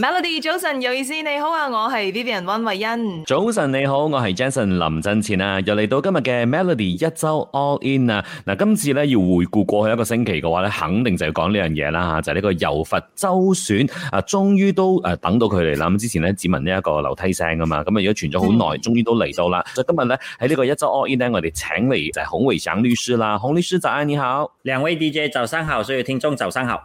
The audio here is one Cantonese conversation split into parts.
Melody 早晨有意思，你好啊，我是 Vivian 溫慧欣。早晨你好，我是 Jason 林振前啊，又嚟到今日嘅 Melody 一周 All In 啊。嗱、啊，今次咧要回顧過去一個星期嘅話咧，肯定就要講呢樣嘢啦吓、啊，就係、是、呢個油佛周選啊，終於都誒、啊、等到佢嚟啦。咁之前咧只聞呢一個樓梯聲啊嘛，咁啊而家傳咗好耐，終於 都嚟到啦。所以今日咧喺呢在這個一周 All In 咧，我哋請嚟就係孔維省律師啦，孔律師仔你好。兩位 DJ 早上好，所有聽眾早上好。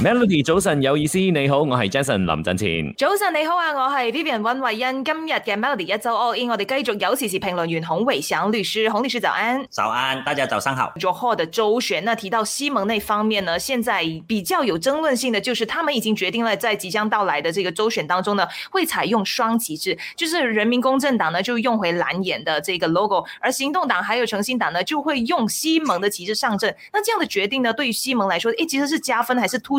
Melody 早晨有意思，你好，我係 Jason 林振前。早晨你好啊，我係 Vivian 溫慧欣。今日嘅 Melody 一周 all in，我哋繼續有時事評論員洪偉祥律師，洪律師早安。早安，大家早上好。Johor 的州選，那提到西蒙那方面呢？現在比較有爭論性的就是，他們已經決定了在即將到來的這個州選當中呢，會採用雙旗幟，就是人民公正黨呢就用回藍眼的這個 logo，而行動黨還有誠信黨呢就會用西蒙的旗幟上陣。那這樣的決定呢，對於西蒙來說，誒，其實是加分還是突？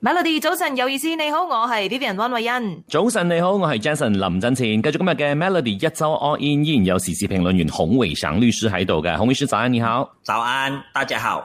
Melody，早晨有意思，你好，我係 TVB 溫慧欣。早晨你好，我係 Jason 林振前。繼續今日嘅 Melody 一周 all in，依然有時事評論員孔維祥律師喺度嘅，孔律師早安，你好。早安，大家好。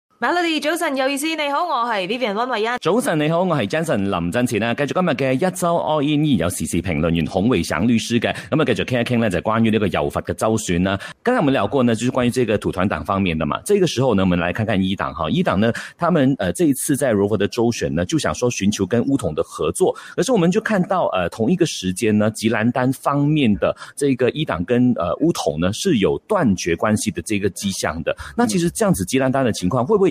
馬律師早晨，有意思，你好，我係 Vivian 溫慧欣。早晨，你好，我係 Jason 林振前啊。繼續今日嘅一周 All In E，有時事評論員洪維祥律師嘅，咁啊繼續傾一傾呢，就是，關於呢個柔佛嘅州選呢，剛才我們聊過呢，就是關於這個土團黨方面嘅嘛。這個時候呢，我們來看看伊黨嗬，伊黨呢，他們誒、呃、這一次在柔佛的州選呢，就想說尋求跟巫統的合作，可是我們就看到，呃、同一個時間呢，吉蘭丹方面的這個伊黨跟誒巫、呃、呢，是有斷絕關係的這個跡象的。那其實這樣子吉蘭丹的情況，會不會？